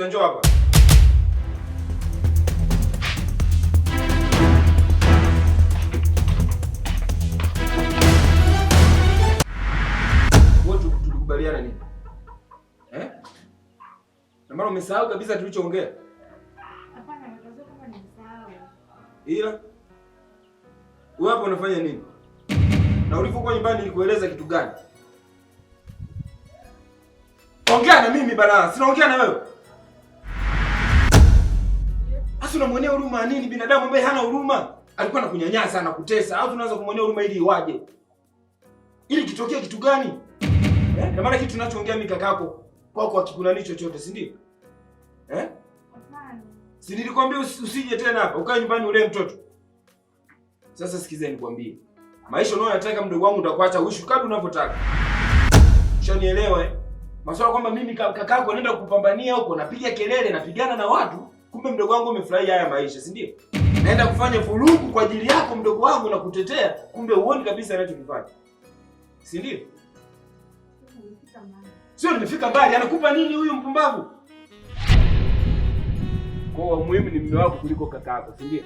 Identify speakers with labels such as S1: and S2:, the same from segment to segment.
S1: Sita njoo hapa. tulikubaliana nini? Eh? Na maana umesahau kabisa tulichoongea?
S2: Hapana, nataka kama nimesahau.
S1: Ila wewe hapo unafanya nini? Na ulipokuwa nyumbani nilikueleza kitu gani? Ongea na mimi bana, sinaongea na wewe. Hasa unamwonea huruma nini binadamu ambaye hana huruma? Alikuwa anakunyanyasa na kutesa. Au tunaanza kumwonea huruma ili iwaje? Ili kitokee kitu gani? Eh? Na maana kitu tunachoongea mimi kakako kwako nicho chochote, si ndio? Eh? Hapana. Si nilikwambia usije tena hapa, ukae nyumbani ule mtoto. Sasa sikizeni nikwambie. Maisha unayotaka mdogo wangu nitakuacha uishi kadri unavyotaka. Ushanielewa eh? Masuala kwamba mimi kakako naenda kupambania huko, napiga kelele, napigana na watu. Kumbe mdogo wangu umefurahia haya maisha, si ndio? Naenda kufanya vurugu kwa ajili yako mdogo wangu na kutetea, kumbe uoni kabisa anachokifanya, si ndio? Sio, nimefika mbali. Anakupa nini huyu mpumbavu? Kwa muhimu ni mume wako kuliko kaka yako, si ndio?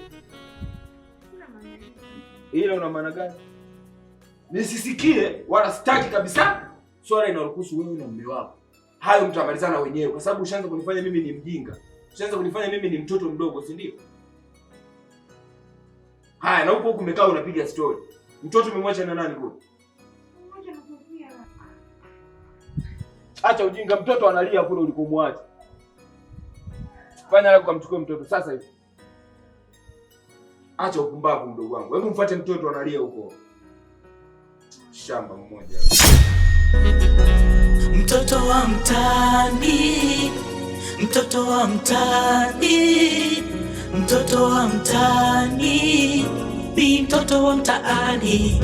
S1: Ila una maana gani? Nisisikie wala sitaki kabisa swala inaruhusu wewe na mume wako. Hayo mtamalizana wenyewe, kwa sababu ushaanza kunifanya mimi ni mjinga. Sasa kunifanya mimi ni mtoto mdogo, si ndio? Haya, na huko huko umekaa unapiga story. Mtoto umemwacha na nani huko? Acha ujinga, mtoto analia kule ulikomwacha. Fanya lako kamchukue mtoto sasa hivi. Acha upumbavu mdogo wangu. Hebu mfuate mtoto analia huko. Shamba mmoja. Mtoto wa mtaani Mtoto wa mtaani,
S3: mtoto wa mtaani, ni mtoto wa mtaani.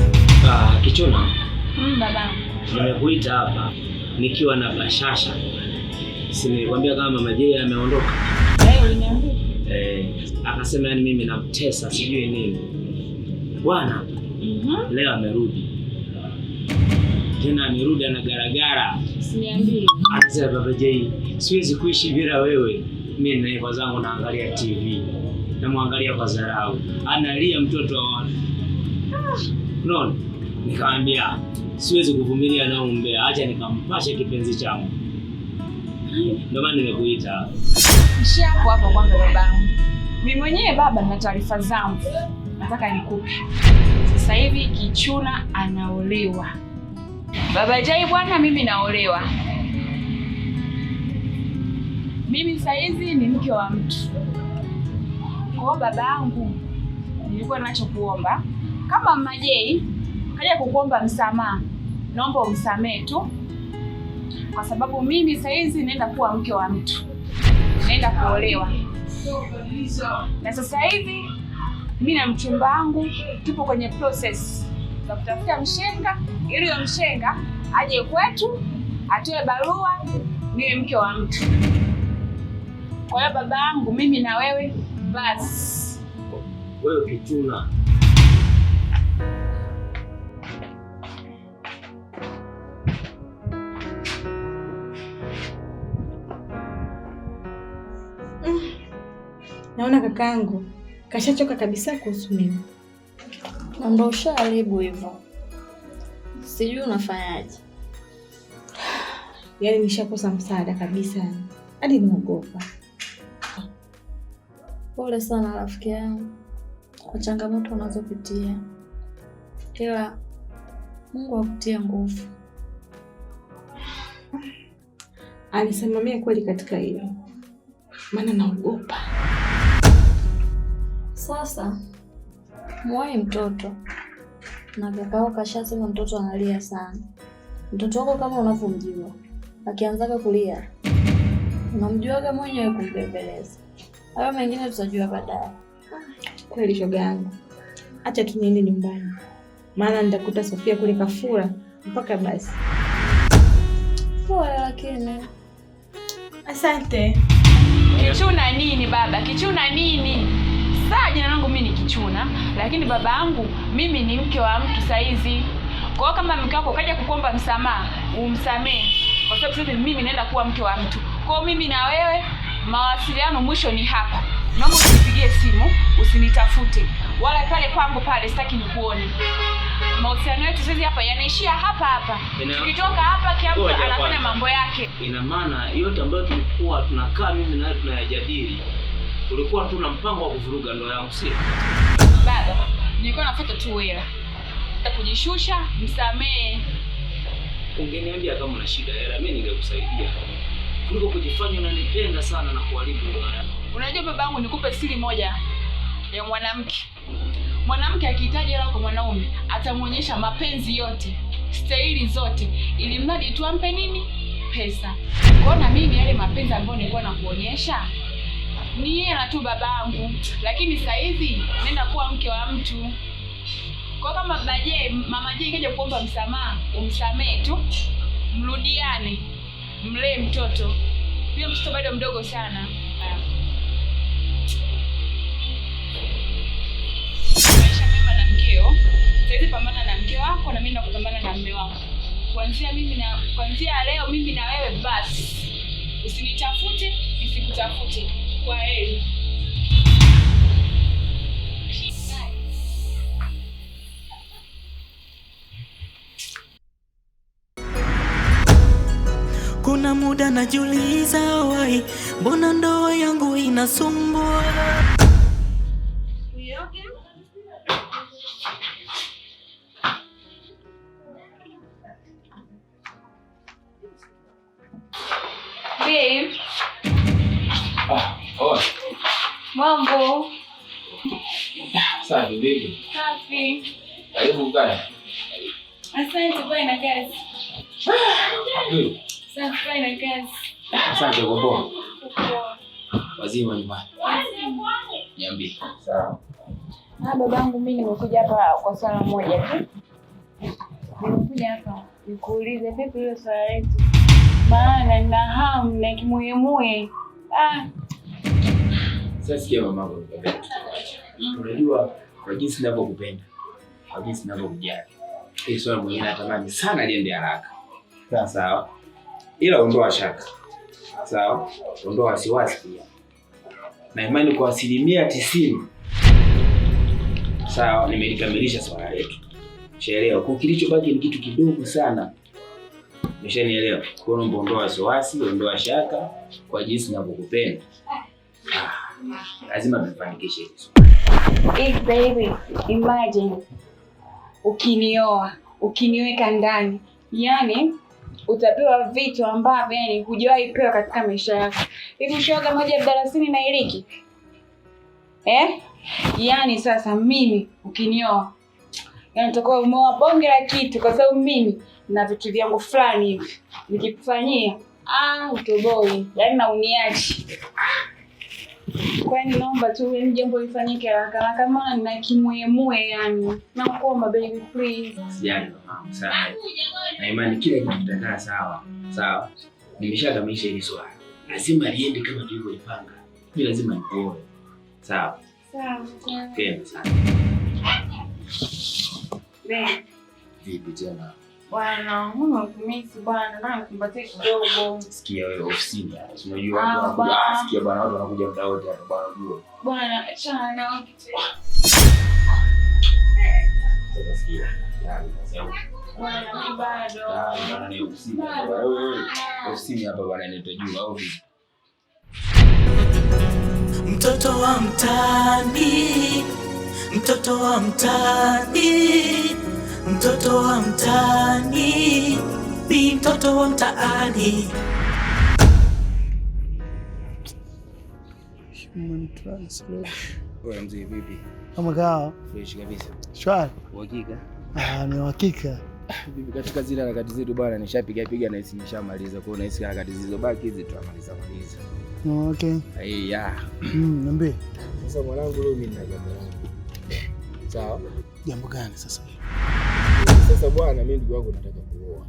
S3: Ah, Kichuna. Mm, baba. Nimekuita hapa nikiwa na bashasha. Si nilikwambia kama Mama Jay ameondoka.
S4: Eh, uliniambia.
S3: Eh, akasema yani mimi namtesa sijui nini. Bwana. Mhm. Mm, leo amerudi tena amerudi na garagara, anasema Baba J, siwezi kuishi bila wewe. Mimi na naiva zangu naangalia TV, namwangalia kwa dharau, analia mtoto wa ah, aone non. Nikamwambia siwezi kuvumilia na umbea, acha nikampashe kipenzi changu. Ndio maana nimekuita
S4: ishia hapo hapo. Kwanza babangu, mimi mwenyewe baba, na taarifa zangu, nataka nikupe sasa hivi. Kichuna anaolewa. Baba Jai bwana, mimi naolewa. Mimi saizi ni mke wa mtu. Kwa baba yangu nilikuwa ninachokuomba kama Mama Jai kaja kukuomba msamaha, naomba umsamehe tu, kwa sababu mimi saizi naenda kuwa mke wa mtu, naenda kuolewa, na sasa hivi mimi na mchumba wangu tupo kwenye process tukamtafuta mshenga ili huyo mshenga aje kwetu atoe barua niwe mke wa mtu. Kwa hiyo baba yangu, mimi na wewe basi.
S3: Wewe kichuna
S4: mm. Naona kakaangu kashachoka kabisa kuhusu mimi ndo ushaharibu hivyo, sijui unafanyaje. Yaani nishakosa msaada kabisa, hadi naogopa. Pole sana rafiki yangu kwa changamoto unazopitia, ila Mungu akutie nguvu. Alisimamia kweli katika hilo, maana naogopa sasa. Mwai mtoto na kakao kashasema mtoto analia sana. Mtoto wako kama unavyomjua, akianzaga kulia unamjuaga mwenyewe kumbembeleza Hayo mengine tutajua baadaye. Kweli shoga yangu, acha tuniende nyumbani, maana nitakuta Sofia kule kafura mpaka basi. Poa, lakini asante. Kichuna nini baba, kichuna nini? Saa jina langu mimi ni Kichuna, lakini baba yangu mimi ni mke wa mtu saizi. Kwa hiyo kama mke wako kaja kukuomba msamaha, umsamehe, kwa sababu sasa mimi naenda kuwa mke wa mtu. Kwa hiyo mimi na wewe mawasiliano mwisho ni hapa. Naomba usipigie simu, usinitafute wala pale kwangu pale, sitaki nikuone. Mahusiano yetu sisi hapa yanaishia hapa hapa. Tukitoka hapa, kila mtu anafanya mambo yake.
S3: Ina maana yote ambayo tulikuwa tunakaa mimi na wewe tunayajadili Ulikuwa tu na mpango wa kuvuruga ndoa yangu, sio?
S4: Baba, nilikuwa nafuata tu hela. Nitakujishusha, msamee.
S3: Ungeniambia kama una shida hela, mimi ningekusaidia. Kuliko kujifanya unanipenda sana na kuharibu ndoa yangu.
S4: Unajua baba yangu, nikupe siri moja ya mwanamke. Mwanamke akihitaji hela kwa mwanaume, atamwonyesha mapenzi yote, stahili zote, ili mradi tu ampe nini? Pesa. Kuona mimi yale mapenzi ambayo nilikuwa nakuonyesha ni yeye tu babangu, lakini sasa hivi nenda kuwa mke wa mtu. Kwa kama baje mama Jay kaja kuomba msamaha, umsamee tu, mrudiane, mlee mtoto. pia mtoto bado mdogo sana. Maisha na mkeo. saizi, pambana na mke wako na mimi nakupambana na mume wako. Kuanzia mimi na kuanzia leo mimi na wewe basi. Usinitafute, nisikutafute. Kuna muda najiuliza, wai mbona ndoa yangu inasumbua? Babe. Ah. Mambo.
S3: Safi vipi?
S4: Safi.
S3: Karibu gani?
S4: Asante bwana na kazi. Safi bwana na kazi.
S3: Asante kwa poa. Wazima nyumbani. Niambie. Sawa.
S4: Ah, babangu mimi nimekuja hapa kwa swala moja tu. Nimekuja hapa nikuulize vipi hilo swala letu. Maana nina hamu na kimuyemuye. Ah,
S3: Sasikia mamangu nikapenda unajua, kwa jinsi ninavyokupenda, kwa jinsi ninavyokujali, hii swala mwenyewe natamani sana liende haraka. Sawa sawa, ila ondoa shaka, sawa, ondoa wasiwasi pia, na imani kwa asilimia tisini, sawa, nimelikamilisha swala letu, shaelewa. Kwa kilichobaki ni kitu kidogo sana, umeshanielewa? Kwa hiyo ondoa wasiwasi, ondoa shaka, kwa jinsi ninavyokupenda lazima tufanikishe hizo.
S4: Imagine ukinioa ukiniweka ndani, yani utapewa vitu ambavyo yani hujawahi pewa katika maisha yako. Hivi shoga moja darasini na iliki eh? Yani sasa mimi ukinioa, yani utakuwa umeoa bonge la kitu, kwa sababu mimi na vitu vyangu fulani hivi nikikufanyia, ah, utoboi yani na uniachi Kwani naomba tu yani jambo lifanyike haraka na kama na kimwemue yani. Nakuomba baby please.
S3: Sijali mama ah, sana. Na imani kile kitakaa sawa. Sawa. Nimeshakamilisha hili swala. Lazima liende kama tulivyopanga. Mimi lazima nipoe. Sawa. Sawa. Tena sana. Vipi tena?
S4: Bwana mimi bwana, nataka nikumbatie kidogo.
S3: Sikia wewe ofisini hapa. Unajua ah, watu wanakuja, bwana watu wanakuja muda wote hapa bwana
S4: Bwana achana na wao
S3: yaani, ah, Mtoto wa mtaani. Mtoto wa mtaani
S5: mtoto wa mtaani, bi mtoto wa mtaani. Ni uhakika ah,
S3: katika zile harakati zetu bwana, nishapiga piga na hisi nishamaliza. Kwa hiyo nahisi harakati zilizobaki hizi tutamaliza maliza. Okay. Hey, yeah.
S5: Mm, niambie.
S3: Sasa mwanangu leo mimi nina jambo. Sawa.
S5: Jambo gani sasa?
S3: Sasa bwana, mimi ndugu wangu nataka kuoa.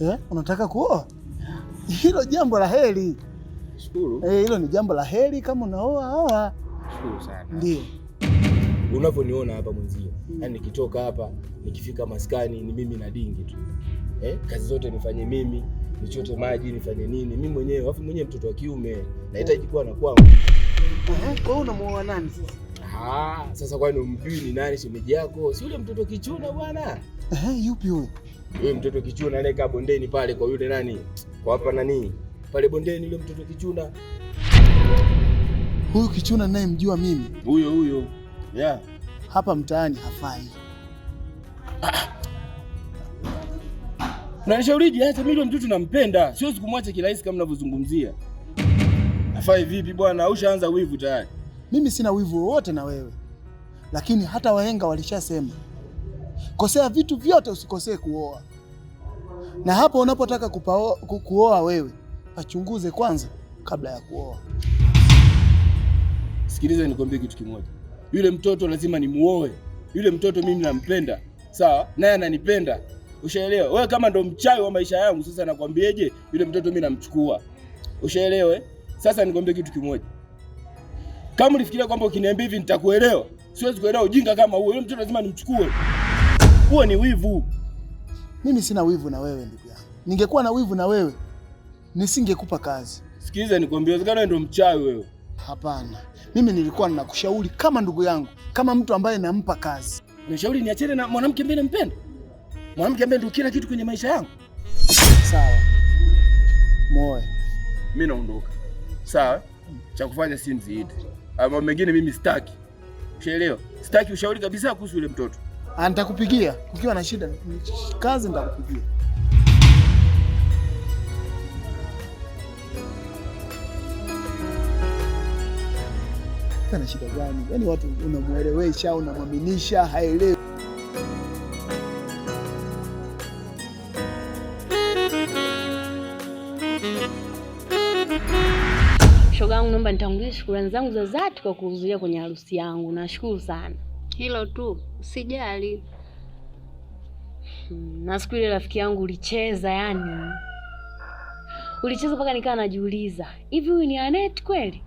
S5: Eh, unataka kuoa? Hilo jambo la heri. Shukuru. Eh, hilo ni jambo la heri kama unaoa oa. Shukuru sana. Ndio.
S3: Unavyoniona hapa mwenzio, mm. yaani nikitoka hapa nikifika maskani ni mimi na dingi tu. Eh, kazi zote nifanye mimi, nichote maji nifanye nini mimi mwenyewe, afu mwenyewe mtoto wa kiume nahitaji kuwa na kwangu.
S5: Eh, kwa hiyo unamwoa nani sasa?
S3: Ah, sasa kwani umjui ni nani shemeji yako? Si yule mtoto kichuna bwana.
S5: Ehe, yupi huyo?
S3: Yule mtoto kichuna anayekaa bondeni pale kwa yule nani? Kwa hapa nani? Pale bondeni yule mtoto kichuna.
S5: Huyu kichuna mjua mimi.
S3: Huyo huyo. Yeah.
S5: Hapa mtaani hafai. Na
S3: Unanishaurije? Hata mimi yule mtoto nampenda. Siwezi kumwacha kirahisi kama mnavyozungumzia. Hafai vipi bwana? Ushaanza wivu tayari.
S5: Mimi sina wivu wowote na wewe, lakini hata wahenga walishasema kosea vitu vyote, usikosee kuoa. Na hapo unapotaka kuoa wewe pachunguze kwanza kabla ya kuoa.
S3: Sikiliza nikwambie kitu kimoja, yule mtoto lazima nimuoe. Yule mtoto mimi nampenda, sawa, naye ananipenda, ushaelewa? Wewe kama ndo mchawi wa maisha yangu, sasa nakwambieje? Yule mtoto mimi namchukua, ushaelewe? Eh? Sasa nikwambie kitu kimoja kama ulifikiria kwamba ukiniambia hivi nitakuelewa, siwezi kuelewa ujinga kama huo. Yule mtoto lazima nimchukue. Huo ni wivu.
S5: Mimi sina wivu na wewe ndugu yangu. Ningekuwa na wivu na wewe nisingekupa kazi.
S3: Sikiliza, nikwambie, wezekana ndio mchawi wewe.
S5: Hapana, mimi nilikuwa ninakushauri kama ndugu yangu, kama mtu ambaye nampa kazi.
S3: Unashauri niachane na mwanamke ambaye nampenda, mwanamke ambaye ndio kila kitu kwenye maisha yangu.
S5: Sawa moyo,
S3: mimi naondoka. Sawa, cha kufanya si mziidi Ah, Ama mengine mimi sitaki. Ushaelewa? Sitaki ushauri kabisa kuhusu yule mtoto.
S5: Ah, nitakupigia ukiwa na shida kazi, nitakupigia. na shida gani? Yaani watu unamuelewesha, unamwaminisha, haelewi.
S4: zangu, naomba nitangulie shukrani zangu za dhati kwa kuhudhuria kwenye harusi yangu. Nashukuru sana. Hilo tu, sijali. Hmm, na siku ile rafiki yangu ulicheza, yani ulicheza mpaka nikawa najiuliza hivi huyu ni Anet kweli?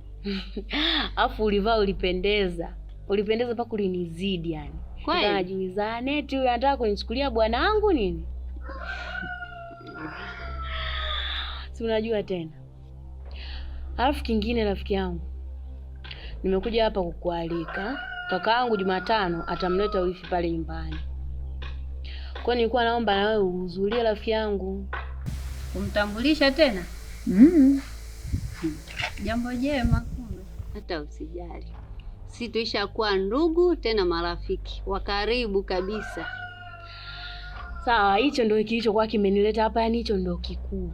S4: Afu ulivaa ulipendeza, ulipendeza mpaka ulinizidi yani, kwani najiuliza Anet huyu anataka kunichukulia bwanangu nini? si unajua tena Alafu kingine rafiki yangu, nimekuja hapa kukualika. yangu Jumatano atamleta wifi pale nyumbani, kwa nilikuwa naomba na wewe uhudhurie rafiki yangu. Kumtambulisha tena? mm. Jambo jema, kumbe hata usijali, si tuishakuwa ndugu tena marafiki wa karibu kabisa. Sawa, hicho ndio kilichokuwa kimenileta hapa, yani hicho ndio kikuu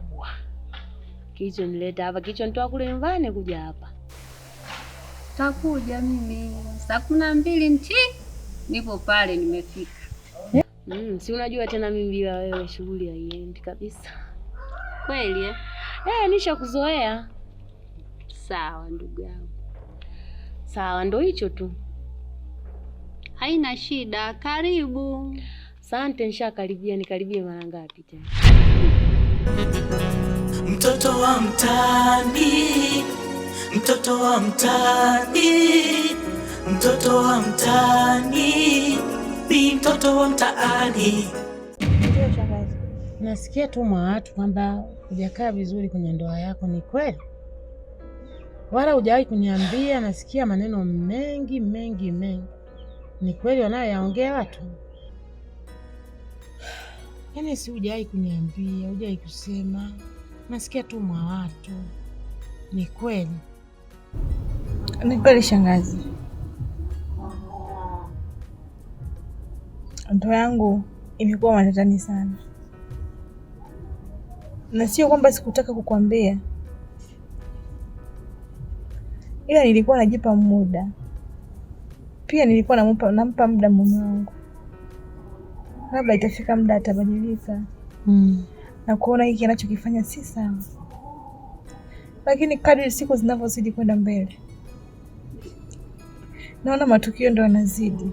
S4: nileta hapa, nitoa kule nyumbani kuja hapa. Takuja mimi saa kumi na mbili nti nipo pale, nimefika. Mm, si unajua tena mimi bila wewe shughuli haiendi kabisa. Kweli eh? Eh, nishakuzoea. Sawa ndugu yangu, sawa, ndo hicho tu, haina shida. Karibu. Asante, nishakaribia. Nikaribie mara ngapi tena? mtoto wa mtaani, mtoto wa mtaani, mtoto wa mtaani ni mtoto wa mtaani. Nasikia tu mwa watu kwamba hujakaa vizuri kwenye ndoa yako, ni kweli? Wala hujawahi kuniambia. Nasikia maneno mengi mengi mengi, ni kweli wanayoyaongea watu? Yaani si hujawahi kuniambia, hujawahi kusema nasikia tu mwa watu. Ni kweli? Ni kweli shangazi, ndoa yangu imekuwa matatani sana, na sio kwamba sikutaka kukwambia, ila nilikuwa najipa muda pia nilikuwa nampa nampa muda mume wangu, labda itafika muda atabadilika. mm na kuona hiki anachokifanya si sawa, lakini kadri siku zinavyozidi kwenda mbele, naona matukio ndo yanazidi,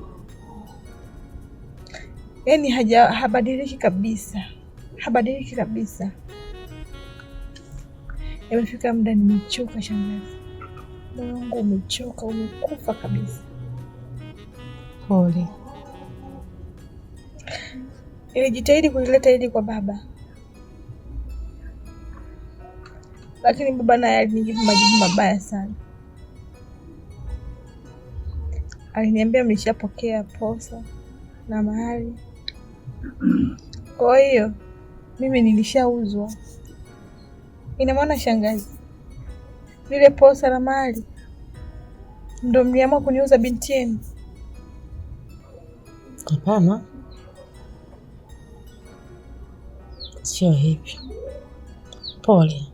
S4: yaani haja habadiliki kabisa, habadiliki kabisa. Imefika muda nimechoka, shangazi. Moyo wangu umechoka, umekufa kabisa. Pole. Nilijitahidi kulileta hili kwa baba lakini baba naye alinijibu majibu mabaya sana. Aliniambia mlishapokea posa na mahari, kwa hiyo mimi nilishauzwa. Ina maana shangazi, lile posa na mahari ndo mliamua kuniuza binti yenu? Hapana, sio hivyo. Pole.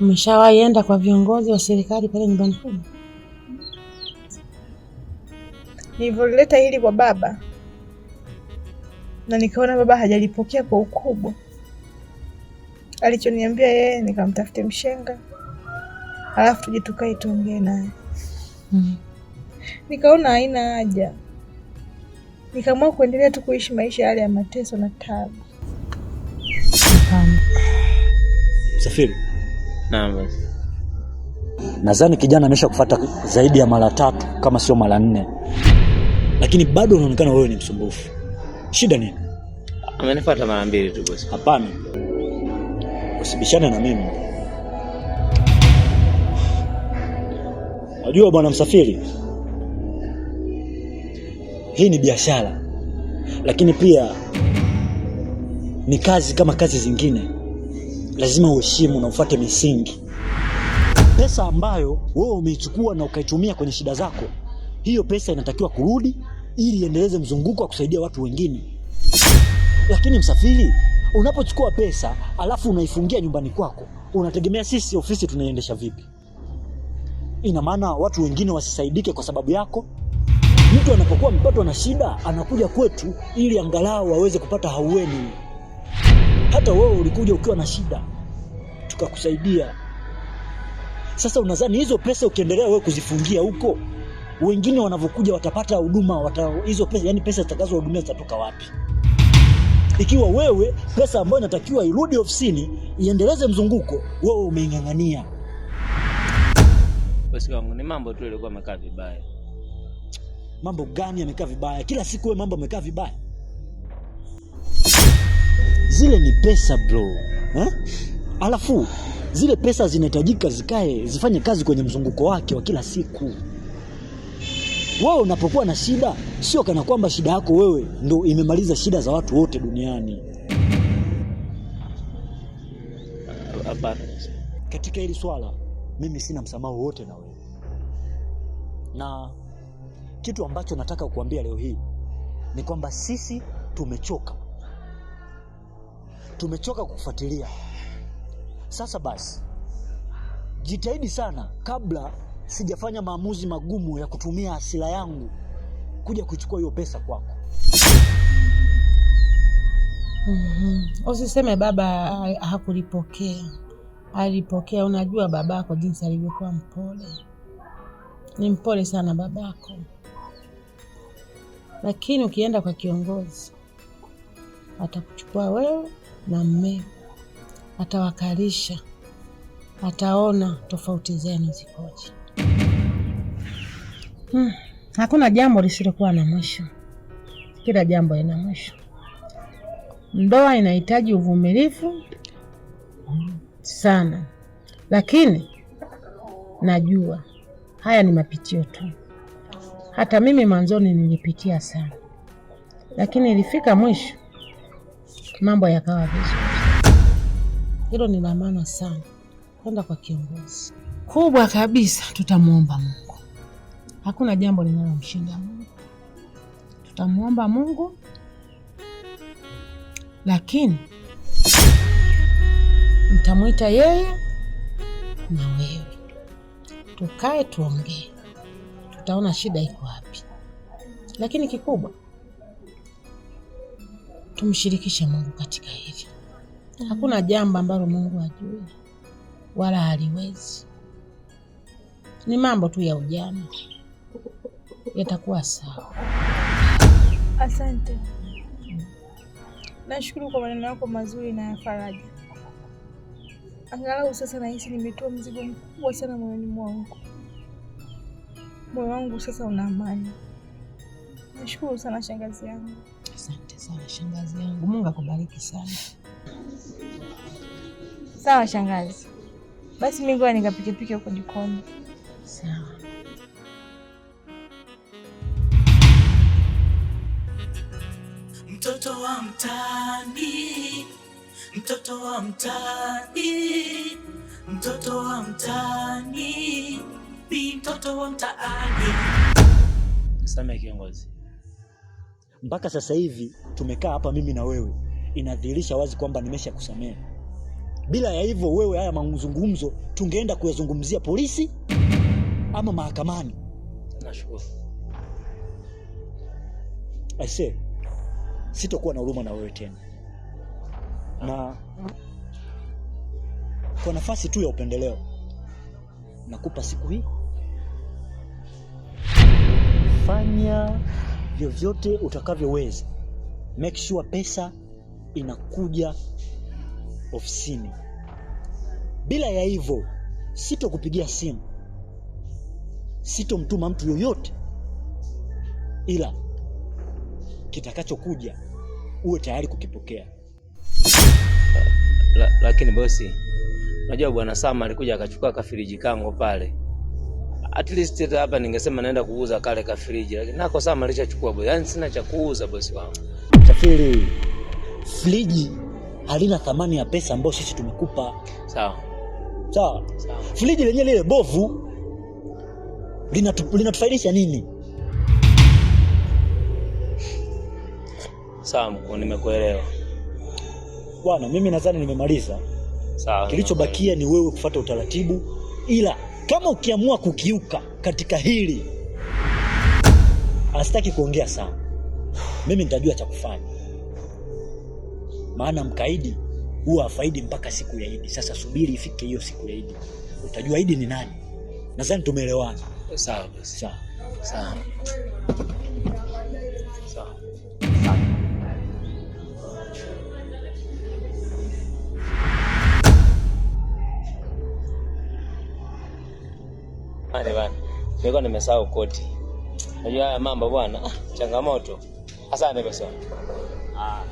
S4: Umeshawaienda kwa viongozi wa serikali pale nyumbani kwenu? Nilivyolileta hili kwa baba na nikaona baba hajalipokea kwa ukubwa, alichoniambia yeye nikamtafute mshenga, alafu tuje tukae tuongee naye mm. Nikaona haina haja, nikaamua kuendelea tu kuishi maisha yale ya mateso na tabu
S3: Safiri. Nadhani kijana amesha kufata zaidi ya mara tatu kama sio mara nne, lakini bado unaonekana wewe ni msumbufu. Shida nini?
S6: Amenifuata mara mbili tu
S3: Hapana, usibishane na mimi. Unajua bwana Msafiri, hii ni biashara, lakini pia ni kazi kama kazi zingine lazima uheshimu na ufuate misingi. Pesa ambayo wewe umeichukua na ukaitumia kwenye shida zako, hiyo pesa inatakiwa kurudi ili iendeleze mzunguko wa kusaidia watu wengine. Lakini msafiri, unapochukua pesa alafu unaifungia nyumbani kwako, unategemea sisi ofisi tunaiendesha vipi? Ina maana watu wengine wasisaidike kwa sababu yako? Mtu anapokuwa mtoto na shida anakuja kwetu ili angalau aweze kupata haueni hata wewe ulikuja ukiwa na shida, tukakusaidia. Sasa unadhani hizo pesa ukiendelea wewe kuzifungia huko, wengine wanavyokuja watapata huduma wata, hizo pesa yani pesa zitakazohudumia zitatoka wapi? Ikiwa wewe pesa ambayo inatakiwa irudi ofisini iendeleze mzunguko, wewe umeing'ang'ania.
S6: Bosi wangu, ni mambo tu yalikuwa yamekaa vibaya.
S3: Mambo gani yamekaa vibaya? Kila siku wewe mambo yamekaa vibaya zile ni pesa bro ha? Eh? Alafu zile pesa zinahitajika zikae zifanye kazi kwenye mzunguko wake wa kila siku. Wewe unapokuwa na shida, sio kana kwamba shida yako wewe ndo imemaliza shida za watu wote duniani. katika hili swala mimi sina msamaha wote na wewe, na kitu ambacho nataka kukuambia leo hii ni kwamba sisi tumechoka tumechoka kufuatilia. Sasa basi, jitahidi sana kabla sijafanya maamuzi magumu ya kutumia asila yangu kuja kuchukua hiyo pesa kwako.
S4: Mm -hmm. Usiseme baba hakulipokea, alipokea. Unajua babako jinsi alivyokuwa mpole, ni mpole sana babako, lakini ukienda kwa kiongozi atakuchukua wewe na mmeo, atawakalisha, ataona tofauti zenu zikoje. Hmm, hakuna jambo lisilokuwa na mwisho, kila jambo lina mwisho. Ndoa inahitaji uvumilivu sana, lakini najua haya ni mapitio tu. Hata mimi mwanzoni nilipitia sana, lakini ilifika mwisho mambo yakawa vizuri. Hilo ni la maana sana kwenda kwa kiongozi kubwa kabisa. Tutamwomba Mungu, hakuna jambo linalomshinda Mungu. Tutamwomba Mungu, lakini mtamwita yeye na wewe, tukae tuongee, tutaona shida iko wapi, lakini kikubwa Tumshirikishe Mungu katika hili. Hakuna jambo ambalo Mungu hajui wala haliwezi, ni mambo tu ya ujana, yatakuwa sawa. Asante, nashukuru kwa maneno yako mazuri na ya faraja. Angalau sasa nahisi nimetoa mzigo mkubwa sana moyoni mwangu. Moyo wangu sasa una amani. Nashukuru sana shangazi yangu. Asante sana shangazi yangu, Mungu akubariki sana. Sawa shangazi, basi mimi ngoja nikapikepike huko jikoni. Sawa. Mtoto wa mtaani,
S3: mtoto wa mtaani, mtoto wa mtaani, mtoto wa mtaani. Samia kiongozi mpaka sasa hivi tumekaa hapa mimi na wewe, inadhihirisha wazi kwamba nimeshakusamehe. Bila ya hivyo, wewe, haya mazungumzo tungeenda kuyazungumzia polisi ama mahakamani. Nashukuru aise, sitokuwa na huruma na wewe tena, na kwa nafasi tu ya upendeleo nakupa siku hii, fanya vyovyote utakavyoweza, make sure pesa inakuja ofisini. Bila ya hivyo, sitokupigia simu, sitomtuma mtu yoyote, ila kitakachokuja uwe tayari kukipokea.
S6: Lakini bosi, unajua bwana Sama alikuja akachukua kafiriji kango pale at least hata hapa ningesema naenda kuuza kale ka friji, lakini nako saa chukua bosi, yani sina cha kuuza bosi wangu.
S3: Tafiri, friji halina thamani ya pesa ambayo sisi tumekupa. Sawa sawa, friji lenyewe lile bovu linatufaidisha nini?
S6: Sawa mkuu, nimekuelewa
S3: bwana. Mimi nadhani nimemaliza. Sawa, kilichobakia ni wewe kufuata utaratibu, ila kama ukiamua kukiuka katika hili, asitaki kuongea sana, mimi nitajua cha kufanya, maana mkaidi huwa afaidi mpaka siku ya Idi. Sasa subiri ifike hiyo siku ya Idi, utajua Idi ni nani. Nadhani tumeelewana.
S6: Sawa sawa sawa. Pale bana. Nilikuwa nimesahau koti. Unajua haya mambo bwana, ah, changamoto. Asante pesa. Ah.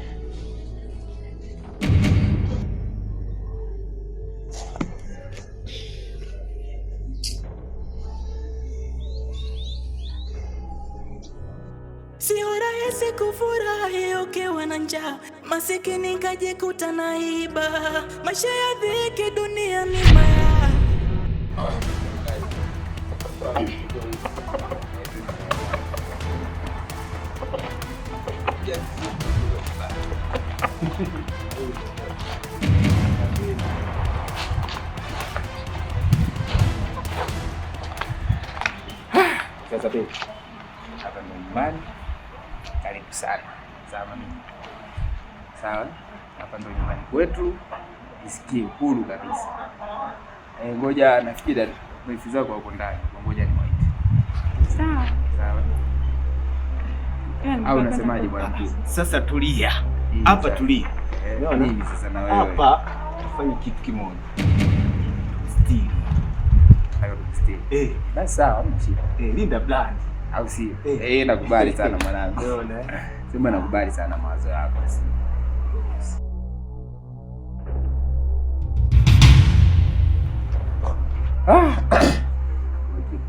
S6: Sio rahisi kufurahi ukiwa na njaa, masikini kajikuta naiba, maisha ya dhiki, dunia
S3: ni maya sasa baby, hapa ndo nyumbani. Karibu sana. Sawa Sawa, hapa ndo nyumbani kwetu, nisikie huru kabisa. Eh, ngoja nafikiri wifi zako hapo ndani, ngoja Sawa sawa. Yaani au unasemaje bwana mkuu? Ah, sasa tulia hapa, tulia eh, nini sasa, na wewe hapa tufanye kitu kimoja Eh, basi sawa, eh, linda blandi au sio? Eh, eh nakubali sana mwanangu, sema nakubali sana mawazo yako.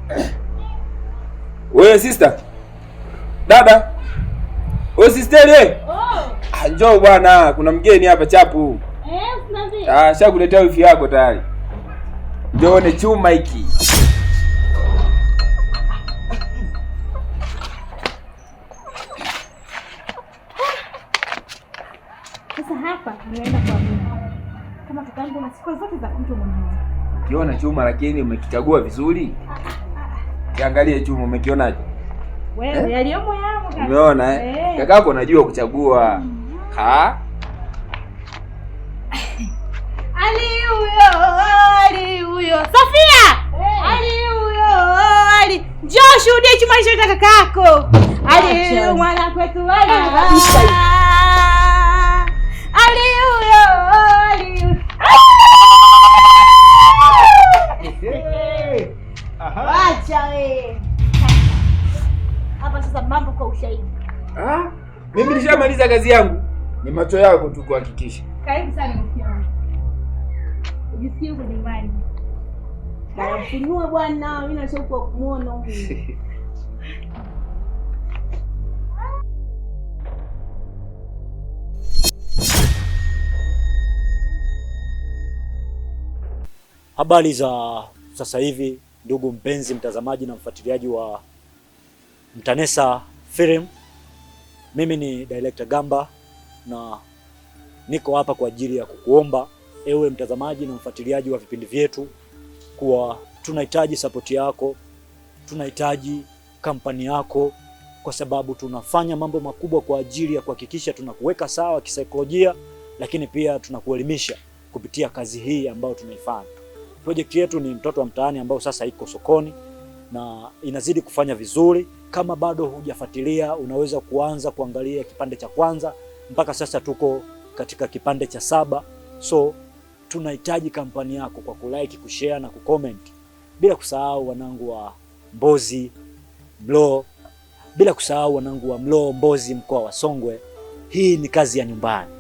S7: Ah! Wewe sister. Dada. Wewe sister ile? Oh. Ah, Njoo bwana, kuna mgeni hapa chapu.
S8: Eh, usinambie.
S7: Ah, sasa shakuletea wifi yako tayari. Njoo ni chuma hiki.
S8: Sasa hapa tunaenda kwa mimi. Kama tukaanza na siku zote za mtu mmoja.
S7: Ukiona chuma lakini umekichagua vizuri. Ah, Kiangalie juu umekionaje?
S8: Wewe eh? yaliomo yamo
S7: kaka. Umeona eh? eh. Kaka yako unajua kuchagua. Mm-hmm. Ha?
S8: Ali huyo, Ali huyo. Sofia! Eh. Ali huyo, Ali. Njoo shuhudie chuma hicho cha yako. Ali mwana kwetu Ali. Ali
S7: maliza kazi yangu. Ni macho yako tu kuhakikisha.
S8: Karibu sana mke wangu. Ujisikie uko nyumbani. bwana, mimi nashoka kumuona huko.
S9: Habari za sasa hivi, ndugu mpenzi mtazamaji na mfuatiliaji wa Mtanesa Film. Mimi ni Director Gamba na niko hapa kwa ajili ya kukuomba ewe mtazamaji na mfuatiliaji wa vipindi vyetu kuwa tunahitaji sapoti yako, tunahitaji kampani yako, kwa sababu tunafanya mambo makubwa kwa ajili ya kuhakikisha tunakuweka sawa kisaikolojia, lakini pia tunakuelimisha kupitia kazi hii ambayo tunaifanya. Projekti yetu ni mtoto wa mtaani ambao sasa iko sokoni na inazidi kufanya vizuri. Kama bado hujafuatilia, unaweza kuanza kuangalia kipande cha kwanza. Mpaka sasa tuko katika kipande cha saba, so tunahitaji kampani yako kwa kulike, kushare na kucomment, bila kusahau wanangu wa Mbozi mlo bila kusahau wanangu wa Mloo, Mbozi, mkoa wa Songwe. Hii ni kazi ya nyumbani.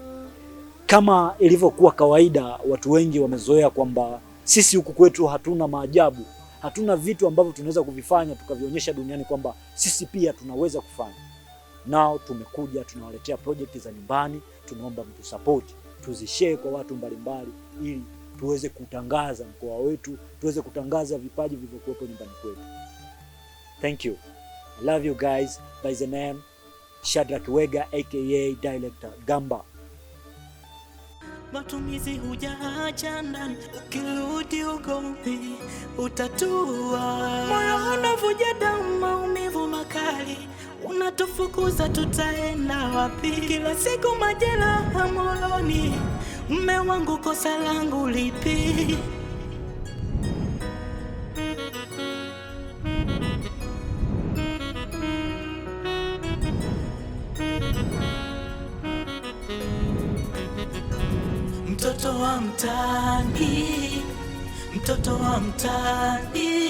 S9: Kama ilivyokuwa kawaida, watu wengi wamezoea kwamba sisi huku kwetu hatuna maajabu hatuna vitu ambavyo tunaweza kuvifanya tukavionyesha duniani kwamba sisi pia tunaweza kufanya. Nao tumekuja tunawaletea projekti za nyumbani, tunaomba support, tuzishare kwa watu mbalimbali, ili tuweze kutangaza mkoa wetu, tuweze kutangaza vipaji vilivyokuwepo nyumbani kwetu. Thank you. I love you guys by the name Shadrack Wega aka Director Gamba matumizi hujaacha ndani, ukirudi ugomvi utatua. Moyo unavuja damu, maumivu makali, unatufukuza tutaenda wapi? Kila siku majeraha moyoni, mme wangu, kosa langu lipi? wa mtaani, mtoto wa mtaani.